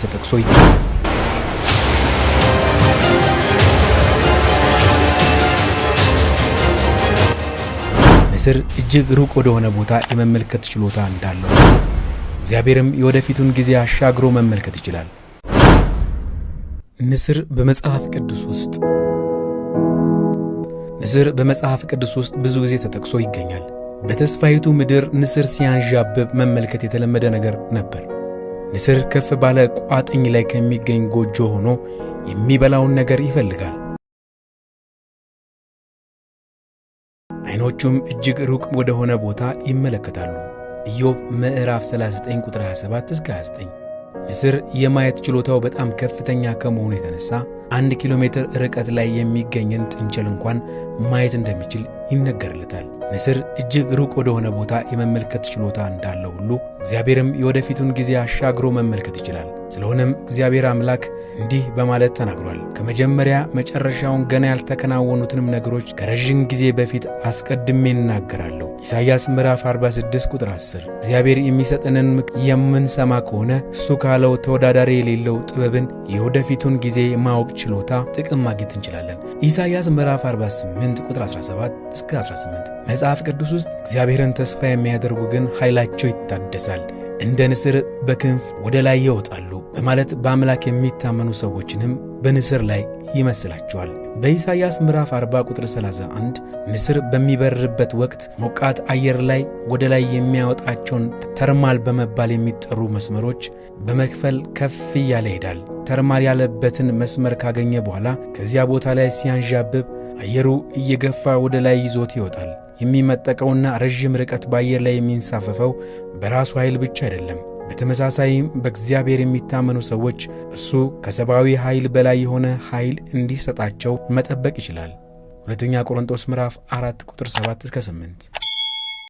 ተጠቅሶ ይገኛል። ንስር እጅግ ሩቅ ወደሆነ ቦታ የመመልከት ችሎታ እንዳለው እግዚአብሔርም የወደፊቱን ጊዜ አሻግሮ መመልከት ይችላል። ንስር በመጽሐፍ ቅዱስ ውስጥ ንስር በመጽሐፍ ቅዱስ ውስጥ ብዙ ጊዜ ተጠቅሶ ይገኛል። በተስፋይቱ ምድር ንስር ሲያንዣብብ መመልከት የተለመደ ነገር ነበር። ንስር ከፍ ባለ ቋጥኝ ላይ ከሚገኝ ጎጆ ሆኖ የሚበላውን ነገር ይፈልጋል። አይኖቹም እጅግ ሩቅ ወደ ሆነ ቦታ ይመለከታሉ። ኢዮብ ምዕራፍ 39 ቁጥር 27 እስከ 29። ንስር የማየት ችሎታው በጣም ከፍተኛ ከመሆኑ የተነሳ አንድ ኪሎ ሜትር ርቀት ላይ የሚገኝን ጥንቸል እንኳን ማየት እንደሚችል ይነገርለታል። ንስር እጅግ ሩቅ ወደሆነ ቦታ የመመልከት ችሎታ እንዳለ ሁሉ እግዚአብሔርም የወደፊቱን ጊዜ አሻግሮ መመልከት ይችላል። ስለሆነም እግዚአብሔር አምላክ እንዲህ በማለት ተናግሯል። ከመጀመሪያ መጨረሻውን ገና ያልተከናወኑትንም ነገሮች ከረዥም ጊዜ በፊት አስቀድሜ እናገራለሁ። ኢሳይያስ ምዕራፍ 46 ቁጥር 10። እግዚአብሔር የሚሰጠንን የምንሰማ ከሆነ እሱ ካለው ተወዳዳሪ የሌለው ጥበብን፣ የወደፊቱን ጊዜ ማወቅ ችሎታ ጥቅም ማግኘት እንችላለን። ኢሳይያስ ምዕራፍ 48 ቁጥር 17 እስከ 18። መጽሐፍ ቅዱስ ውስጥ እግዚአብሔርን ተስፋ የሚያደርጉ ግን ኃይላቸው ይታደሳል፣ እንደ ንስር በክንፍ ወደ ላይ ይወጣሉ በማለት በአምላክ የሚታመኑ ሰዎችንም በንስር ላይ ይመስላቸዋል። በኢሳይያስ ምዕራፍ 40 ቁጥር 31 ንስር በሚበርበት ወቅት ሞቃት አየር ላይ ወደ ላይ የሚያወጣቸውን ተርማል በመባል የሚጠሩ መስመሮች በመክፈል ከፍ እያለ ይሄዳል። ተርማል ያለበትን መስመር ካገኘ በኋላ ከዚያ ቦታ ላይ ሲያንዣብብ አየሩ እየገፋ ወደ ላይ ይዞት ይወጣል። የሚመጠቀውና ረዥም ርቀት በአየር ላይ የሚንሳፈፈው በራሱ ኃይል ብቻ አይደለም። በተመሳሳይም በእግዚአብሔር የሚታመኑ ሰዎች እርሱ ከሰብአዊ ኃይል በላይ የሆነ ኃይል እንዲሰጣቸው መጠበቅ ይችላል። ሁለተኛ ቆሮንጦስ ምዕራፍ 4 ቁጥር 7 እስከ 8